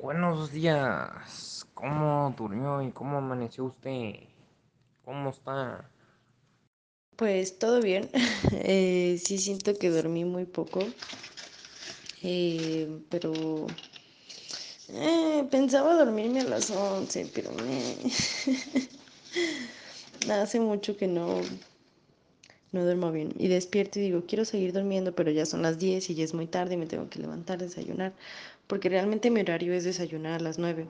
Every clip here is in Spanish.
Buenos días. ¿Cómo durmió y cómo amaneció usted? ¿Cómo está? Pues todo bien. Eh, sí siento que dormí muy poco. Eh, pero eh, pensaba dormirme a las 11, pero me... hace mucho que no no duermo bien. Y despierto y digo, quiero seguir durmiendo, pero ya son las 10 y ya es muy tarde y me tengo que levantar, desayunar, porque realmente mi horario es desayunar a las 9.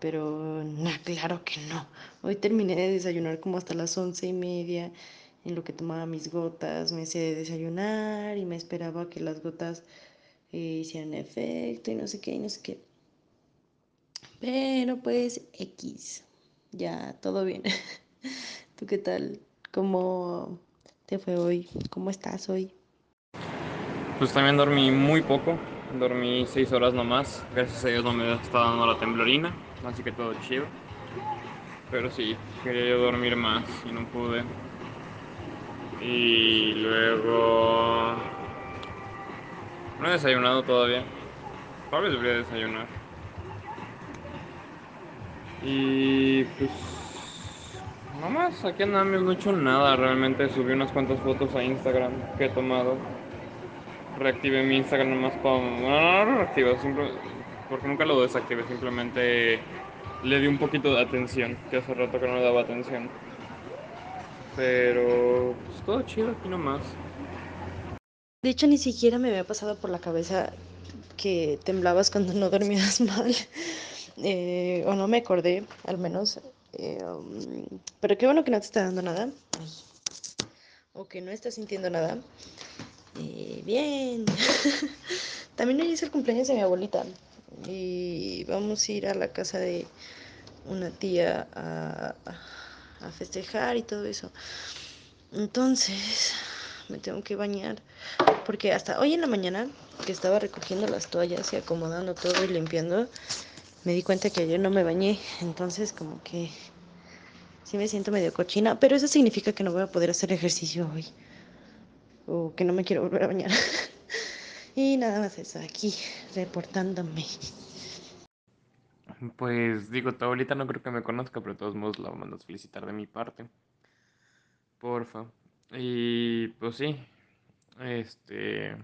Pero no, claro que no. Hoy terminé de desayunar como hasta las 11 y media, en lo que tomaba mis gotas, me hice desayunar y me esperaba que las gotas eh, hicieran efecto y no sé qué, y no sé qué. Pero pues X, ya todo bien. ¿Tú qué tal? Como te fue hoy? ¿Cómo estás hoy? Pues también dormí muy poco, dormí seis horas nomás, gracias a Dios no me está dando la temblorina, así que todo chido. Pero sí, quería yo dormir más y no pude. Y luego... No he desayunado todavía. Probablemente debería desayunar. Y pues no más, aquí no he hecho nada realmente. Subí unas cuantas fotos a Instagram que he tomado. Reactivé mi Instagram nomás para. No, no lo reactivé, simple... porque nunca lo desactivé, simplemente le di un poquito de atención, que hace rato que no le daba atención. Pero, pues todo chido aquí nomás. De hecho, ni siquiera me había pasado por la cabeza que temblabas cuando no dormías mal. Eh, o no me acordé, al menos, Em, pero qué bueno que no te está dando nada. O que no estás sintiendo nada. Eh, bien. También hoy es el cumpleaños de mi abuelita. Y vamos a ir a la casa de una tía a, a festejar y todo eso. Entonces, me tengo que bañar. Porque hasta hoy en la mañana, que estaba recogiendo las toallas y acomodando todo y limpiando, me di cuenta que ayer no me bañé, entonces como que sí me siento medio cochina, pero eso significa que no voy a poder hacer ejercicio hoy o que no me quiero volver a bañar. y nada más eso, aquí reportándome. Pues digo, Taurita no creo que me conozca, pero de todos modos la mandas a felicitar de mi parte. Porfa. Y pues sí, este,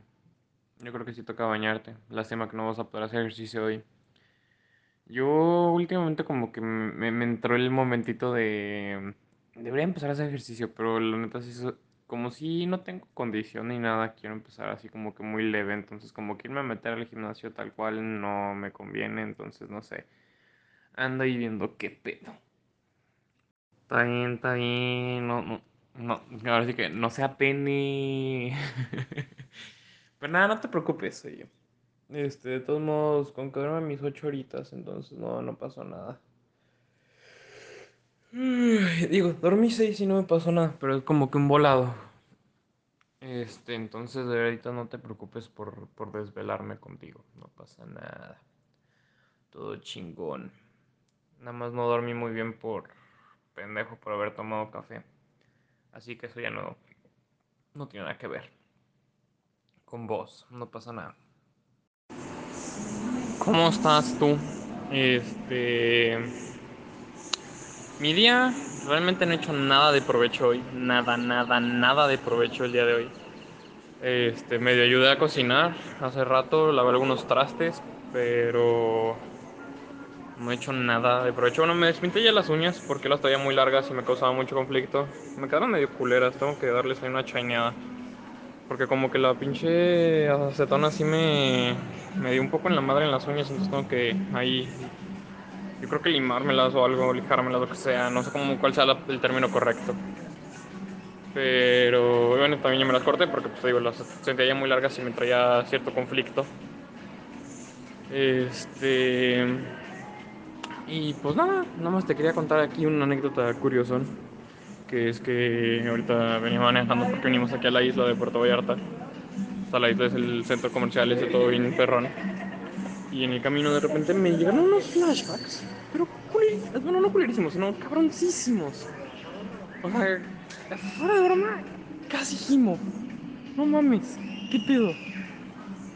yo creo que sí toca bañarte. Lástima que no vas a poder hacer ejercicio hoy. Yo últimamente como que me, entró el momentito de... Debería empezar a hacer ejercicio, pero la neta sí, como si no tengo condición ni nada, quiero empezar así como que muy leve, entonces como que irme a meter al gimnasio tal cual no me conviene, entonces no sé. Ando ahí viendo qué pedo. Está bien, está bien, no, no, no, ahora sí que no sea pene. Pero nada, no te preocupes, soy yo. Este, de todos modos, con que duerme mis ocho horitas, entonces no, no pasó nada. Digo, dormí seis y no me pasó nada, pero es como que un volado. Este, entonces de ahorita no te preocupes por, por desvelarme contigo, no pasa nada. Todo chingón. Nada más no dormí muy bien por pendejo por haber tomado café. Así que eso ya no, no tiene nada que ver. Con vos, no pasa nada. ¿Cómo estás tú? Este. Mi día, realmente no he hecho nada de provecho hoy. Nada, nada, nada de provecho el día de hoy. Este, medio ayudé a cocinar hace rato, lavé algunos trastes, pero no he hecho nada de provecho. Bueno, me despinté ya las uñas porque las traía muy largas y me causaba mucho conflicto. Me quedaron medio culeras, tengo que darles ahí una chaineada. Porque como que la pinche acetona así me, me dio un poco en la madre en las uñas, entonces tengo que ahí, yo creo que limármelas o algo, lijármelas, lo que sea, no sé cómo, cuál sea el término correcto. Pero bueno, también yo me las corté porque pues digo, las sentía ya muy largas y me traía cierto conflicto. Este... Y pues nada, nada más te quería contar aquí una anécdota curiosa que es que ahorita venimos manejando porque venimos aquí a la isla de Puerto Vallarta. sea, la isla es el centro comercial, es todo bien perrón. Y en el camino de repente me llegan unos flashbacks, pero culerísimos, bueno, no culerísimos, sino cabroncísimos. O sea, fuera de broma, casi gimo. No mames, qué pedo.